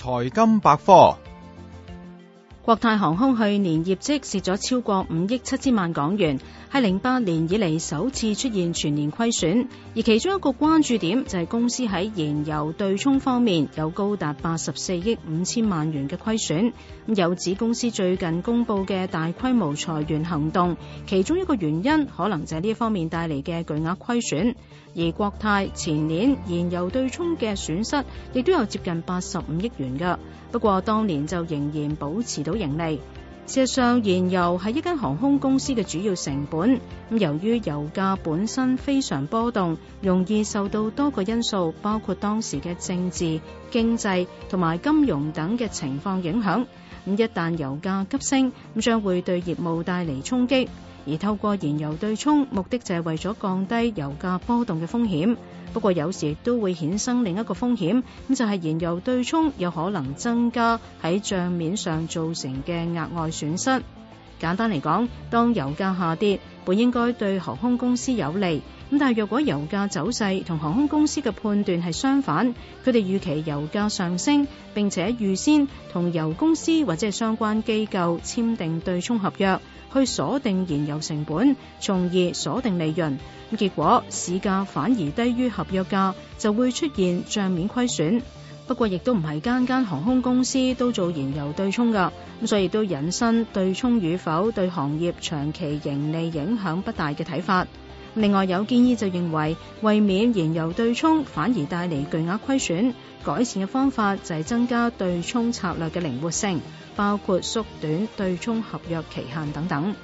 財金百科。國泰航空去年業績蝕咗超過五億七千萬港元，係零八年以嚟首次出現全年虧損。而其中一個關注點就係公司喺燃油對沖方面有高達八十四億五千萬元嘅虧損。有子公司最近公佈嘅大規模裁員行動，其中一個原因可能就係呢方面帶嚟嘅巨額虧損。而國泰前年燃油對沖嘅損失亦都有接近八十五億元㗎，不過當年就仍然保持到。盈利。事實上，燃油係一間航空公司嘅主要成本。咁由於油價本身非常波動，容易受到多個因素，包括當時嘅政治、經濟同埋金融等嘅情況影響。咁一旦油價急升，咁將會對業務帶嚟衝擊。而透過燃油對沖，目的就係為咗降低油價波動嘅風險。不過有時都會衍生另一個風險咁就係、是、燃油對沖有可能增加喺賬面上造成嘅額外損失。簡單嚟講，當油價下跌，本應該對航空公司有利。咁但係若果油價走勢同航空公司嘅判斷係相反，佢哋預期油價上升，並且預先同油公司或者相關機構簽訂對沖合約，去鎖定燃油成本，從而鎖定利潤。咁結果市價反而低於合約價，就會出現帳面虧損。不過，亦都唔係間間航空公司都做燃油對沖㗎，咁所以都引申對沖與否對行業長期盈利影響不大嘅睇法。另外，有建議就認為，為免燃油對沖反而帶嚟巨額虧損，改善嘅方法就係增加對沖策略嘅靈活性，包括縮短對沖合約期限等等。